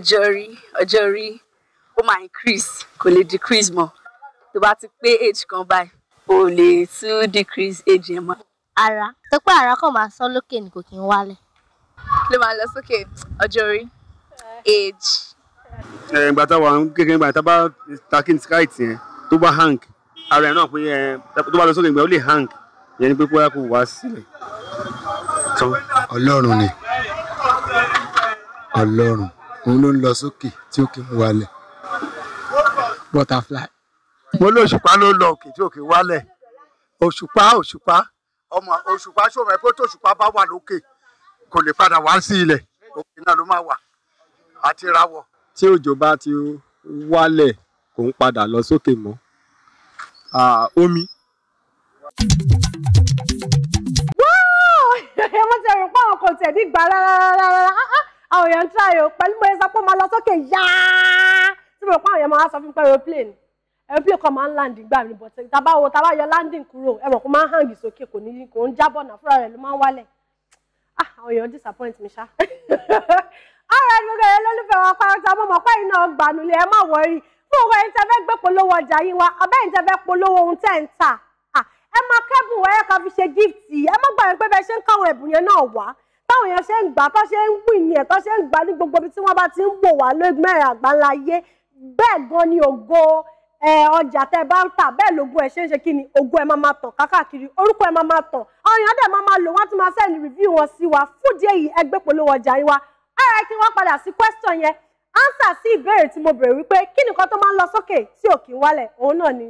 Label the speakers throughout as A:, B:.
A: ọjọ́ orí ọjọ́ orí ó máa increase kò lè decrease mọ́ tó bá ti pé age kan báyìí o lè tún decrease age yẹn mọ́. ara tó pé ara kan máa sán lókè ni kò kí ń wálẹ̀. ló máa lọ sókè ọjọ́ orí age. ẹ ìgbà táwa kékeré ìgbà tá a bá takin skite yẹn tó bá hang ara ẹ náà pé ẹ tó bá lọ sókè ìgbà ó lè hang yẹn ni pé kó yà kó wá sílẹ̀. ọlọ́run ni ọlọ́run òun ló ń lọ sókè tí òkè mú wálẹ̀ butterfly. mo lé òṣùpá ló lọ òkè tí òkè wálẹ̀ òṣùpá òṣùpá ọmọ òṣùpá ṣòwò ẹgbẹ́ tó òṣùpá bá wà lókè kò lè padà wá sí ilẹ̀ òkè náà ló máa wà àti rawọ̀. tí òjò bá ti wálẹ̀ kò ń padà lọ sókè mọ́ omi. wọ́ọ̀ ẹ̀ mo ti rò pé àwọn kò tẹ̀ ní gbà rárá rárá rárá. Ah, ah àwọn èèyàn ń try o pẹ̀lú mo yẹ sọ pé mo lọ sókè yáá tí mo rò pé àwọn èèyàn máa sọ fún pé aeroplane aeroplane kan máa ń land gbà mí but tàbá wo tàbá yọ landing kúrò ẹ̀rọ kó máa ń hang sókè kò ní kò ń jábọ̀ náà fúnra rẹ̀ ló máa ń wálẹ̀ ah àwọn èèyàn disappoint mi ṣá ara ẹni gbogbo ẹ̀yẹ lólùfẹ́ wa pàrọ̀tà mo mọ̀ pé iná gbanulẹ̀ ẹ má wọrí fún òwe ẹni tẹ́ fẹ́ gbé táwọn èèyàn ṣe ń gbà tó ṣe ń wì ní ẹ̀ tó ṣe ń gbà ní gbogbo ibi tí wọ́n bá ti ń wò wá lẹ́gbẹ̀rẹ̀ àgbáńlá ayé bẹ́ẹ̀ gan ni ògo ọjà tẹ bá ń tà bẹ́ẹ̀ lógo ẹ̀ ṣe ń ṣe kí ni ògo ẹ̀ máa máa tàn kákàkiri orúkọ ẹ̀ máa máa tàn àwọn èèyàn dẹ̀ máa máa lò wọ́n ti máa sẹ́ni review wọn sí wa fúdí èyí ẹgbẹ́ polówó ọjà yín wa ara kí wọ́n padà sí question yẹn answer sí ìbéèrè tí mo bèrè wípé kí nìkan tó máa ń lọ sókè tí ò wálẹ̀ òun náà ni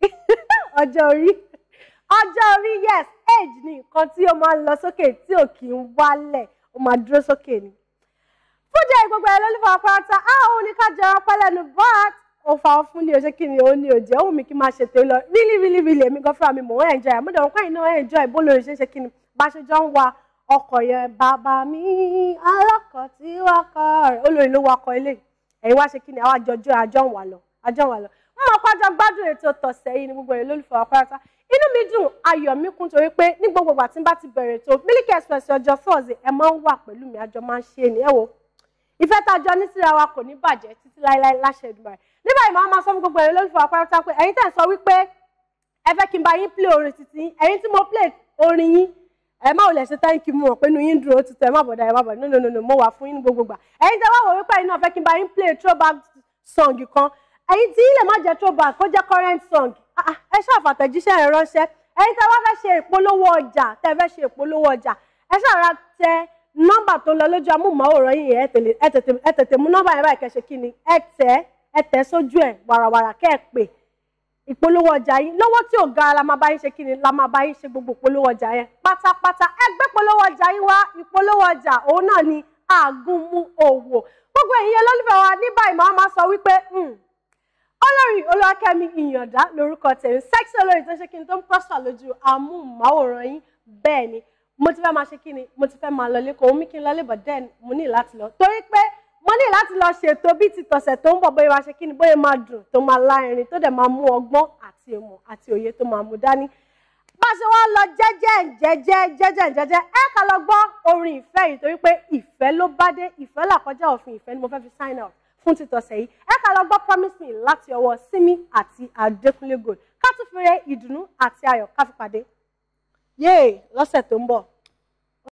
A: ọjọ́ orí ọjọ́ orí yes age ni nǹkan tí ó máa ń lọ sókè tí ò kì í wálẹ̀ ó máa dúró sókè ni. fújẹ́ ìgbogbo ẹ̀ lólùfọ̀ apáta á òun ni ká jẹun ọpẹ́ lẹ́nu but ó fa ọ fún ní oṣù kí ni ó ní òjì ó wù mí kí n máa ṣètò lọ really really really èmi gan fúnra mi mò ń enjoy àmúdà òun kọ́yìn náà enjoy bó lórí ṣe ṣe kí ni bá ṣe jọ ń wa ọkọ̀ yẹn bàbá mi alọ́kọ̀ tí wakọ̀ rẹ̀ olórí ló wakọ̀ ilé ẹ̀yin wá ṣe kí ni àwọn àjọjọ́ àjọ ń wà lọ àjọ ń wà lọ. mo mọ̀ pàjọ gbádùn ètò tọ̀sẹ̀ yìí ni gbogbo ẹ̀ lólùfọ̀ apáta inú mi dùn ayọ̀ mi kún torí pé ní gbogbo ìgbà tí n bá ti bẹ̀rẹ̀ tó Miliki Express ọjọ́ Thursday ẹ máa ń wà pẹ̀lú mi àjọ máa ń ṣe ni ẹ wo ìfẹ́ tájọ ní síra wa kò ní bàjẹ́ títí láéláé láṣẹ ìdùnnú rẹ̀ nígbà yìí màá máa sọ fún gbogbo ẹ̀rọ lórí fún apáráta pé ẹ̀yin tẹ̀ sọ wípé ẹ fẹ́ kí n bá yín play orin títí ẹ̀yin tí mo play orin yín ẹ má ò lè ṣe thank you mọ̀ pé inú yín dúró tuntun ẹ má bọ̀dá ẹ má bọ̀dá no no no mo wà fún yín gbogbo gbà ẹ̀yin tẹ́ wá wò wípé ẹ̀yin náà fẹ́ kí n bá yín play throwback song kan ẹ̀yin tí ilẹ̀ má jẹ́ tó bá kó jẹ́ current song ah, ah, ẹ ṣàfàtẹ̀jíṣẹ́ ẹ ránṣẹ́ ẹ̀yin tẹ́ wá fẹ́ ṣe ìpolówó ọjà tẹ́ fẹ́ ṣe ìpolówó ọjà ẹ ṣàrà tẹ nọ́mbà tó lọ lójú amóhùnmáwòrán yìí ẹ tètè mú nọ́mbà yẹn báyìí kẹṣe kí ni ẹ tẹ ẹ tẹ sójú ẹ wàràwàrà kẹ́ ẹ pè ìpolówó ọjà yìí lọ́wọ́ tí ò ga la máa bá yín ṣe kí ni la máa bá yín ṣe gbogbo ìpolówó ọjà yẹn pátápátá ẹ gbé polówó ọjà yín wá ìpolówó ọjà òun náà ni àgùnmu òwò gbogbo èyí olólùfẹ́ wa ní báyìí màá máa sọ wípé hmm, olórin olúwakẹ́mi ìyàndá lórúkọ tèmi sẹ́kì olórin tó ṣe kí ni tó ń pọ́sà lójú amóhùnmáwòrán yín bẹ́ẹ̀ ni mo ti fẹ́ máa ṣe kí ni mo ti fẹ́ máa lọ lẹ́kọ̀ọ́ omi kí n lọ lẹ́bọ̀ den mo ní láti lọ torí pé mo ní láti lọ ṣètò bí ti tọ̀sẹ̀ tó ń bọ̀ bóyá wá ṣe kí ni bóyá máa dùn tó máa lárinrin tó dẹ̀ máa mú ọgbọ́n àti ìmọ̀ àti òye tó máa mú dání bá ṣe wá lọ jẹ́jẹ́ jẹ́jẹ́ jẹ́jẹ́ jẹ́jẹ́ ẹ ká lọ gbọ́ orin ìfẹ́ yìí torí pé ìfẹ́ ló bá dé ìfẹ́ làkọjá òfin ìfẹ́ ni mo fẹ́ fi sign out fún títọ̀sẹ̀ yìí ẹ ká lọ gbọ́ promise me láti ọwọ́ Simi àti Adékúnlé Gold ká tún fèrè ìdùnnú àti ayọ̀ ká fi pàdé yéè lọ́sẹ̀ tó ń bọ̀.